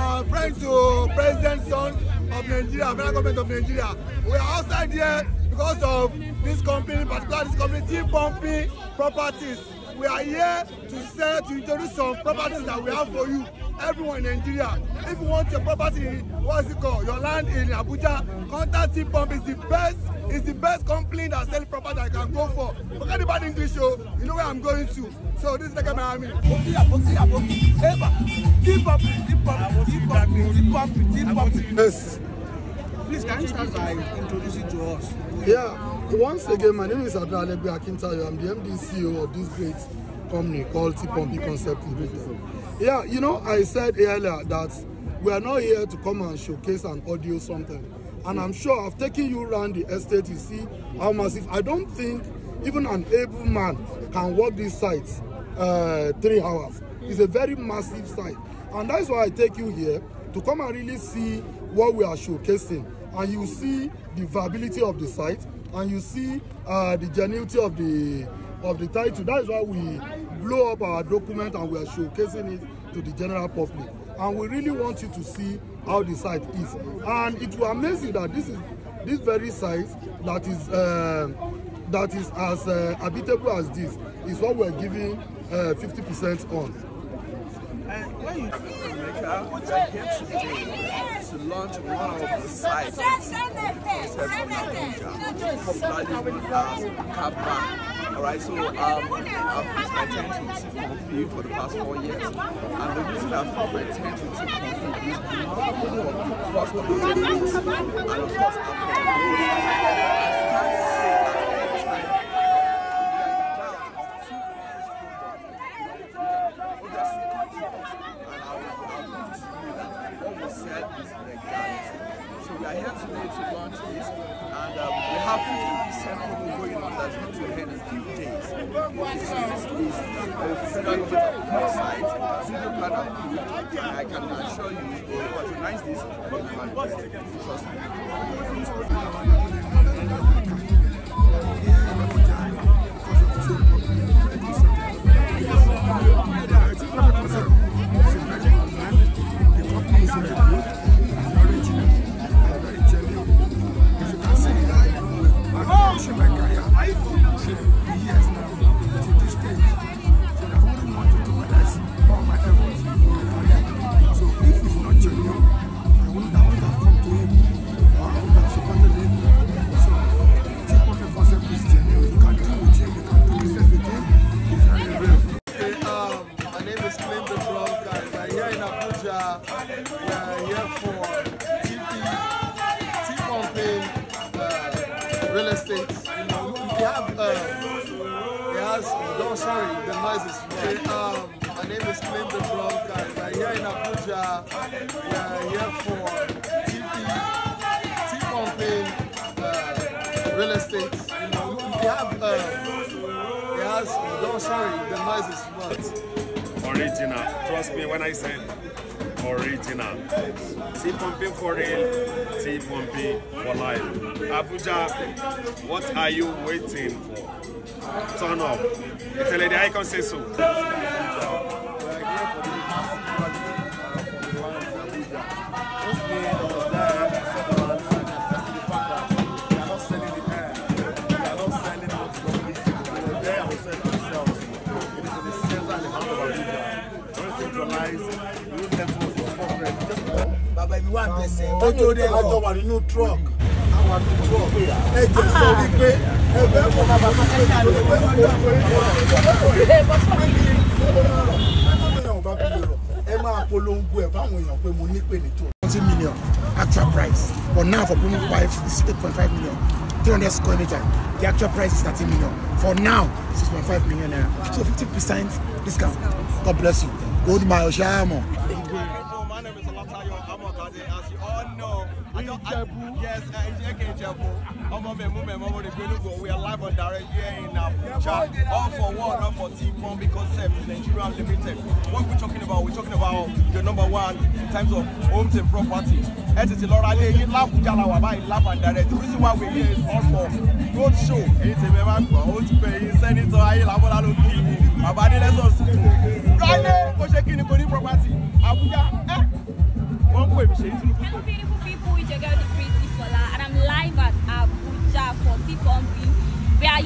Uh, friends to President son of Nigeria, federal government of Nigeria. We are outside here because of this company, particularly this company, Team Pumping Properties. We are here to sell, to introduce some properties that we have for you everyone in Nigeria. If you want your property, what's it called? Your land in Abuja, contact T-Pump is the best, is the best company that sell property I can go for. For anybody in this show, you know where I'm going to. So this is the camera I mean. T-Pump, T-Pump, t Yes. Please, can you start by introducing to us? Yeah, once again, my name is Adra Alegbe Akintayo. I'm the MD CEO of this great company called t Concept Limited. Yeah, you know, I said earlier that we are not here to come and showcase an audio something. And I'm sure I've taken you around the estate, you see how massive. I don't think even an able man can walk this site uh, three hours. It's a very massive site. And that's why I take you here to come and really see what we are showcasing. And you see the viability of the site and you see uh, the genuity of the of the title. That is why we blow up our document and we are showcasing it to the general public. And we really want you to see how the site is. And it will amaze you that this is this very site that is uh, that is as uh, habitable as this is what we're giving uh, 50% on. And when you come to I get today to launch one of the sites. It's a popularly known as Kaaba. Alright, so um, I've used my tent to sip for the past four years. And the reason I've used my tent to sip is because of the the and of course, I've So we are here today to launch this, and um, we have 50% promo going on that's going to end in few days. This is this is federal website, studio plan approved, and I can assure you, if you patronize this, you can trust me. real estate. We have, uh, yes, don't sorry, the noise is very, um, my name is Clinton Brown, guys. I'm here in Abuja. We are here for TP, T-Company, uh, real estate. We have, uh, yes, don't sorry, the noise is what? Original. Trust me when I say it original. Tea pumping for real, tea pumping for life. Abuja, what are you waiting for? Turn up. The Icon says so. neutralized you them for the problem. bàbá mi wà bẹ̀sẹ̀ ọjọ́ rẹ̀ ọjọ́ wà truck àwọn àti truck ẹ jẹ́ sọ wípé ẹ bẹ́ẹ̀ kọ́ bàbá mi ṣe ìlú ẹ bẹ́ẹ̀ kọ́ bàbá mi ṣe ẹ máa polongo ẹ báwọn èèyàn pé mo ní ní tó. twenty million actual price but now for promo five is eight point five million. 300 square meter. The actual price is 13 million. For now, 6.5 million naira. So 50% discount. God bless you. Good my Oshamo. So my name is Olatayo Amokade. As you all know, I don't, I, yes, uh, Ijebu. Ọmọ mẹ́mú move ọmọ rẹ̀ gbẹ́lúgbọ̀. We are live on direct here now. Ibacha, all for one, not for team one because SEF um, is Nigeria Limited. What we talking about, We talking about the number one in terms of homes and property. Ẹ̀sìn ti lọ́ra lé yín lábùjá la wà báyìí direct. The reason why we here is all for road show. Èyí ti bẹ́ẹ̀ máa ń gbọ́, ó ti pè yín sẹ́nitọ́ Ayélabọ́lá ló kí ni. Bàbá Adélé sọ̀rọ̀ sí tù. Ráyé ṣe kí ni kò ní property. Abuja. ẹ́ wọ́n ń pè ṣe é tìlú Hello beautiful people, it's your girl the pretty Fola and I'm live at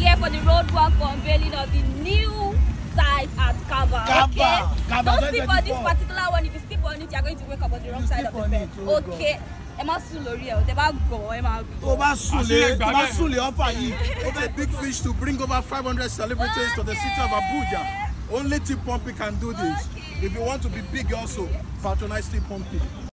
here for the roadwork for unveiling of the new site at Kaba. Kaba. Okay? Kaba. Don't sleep on this particular one. If you sleep on it, you're going to wake up on the wrong side of the bed. It, oh okay. God ẹ má sùn lórí ẹ o tẹ bá gọ ẹ má wí. tó bá sùn lé tó bá sùn lé ọfà yìí it's a big fish to bring over five hundred celebrities to the city of Abuja only T Pumpy can do this if you want to be big also patronize T Pumpy.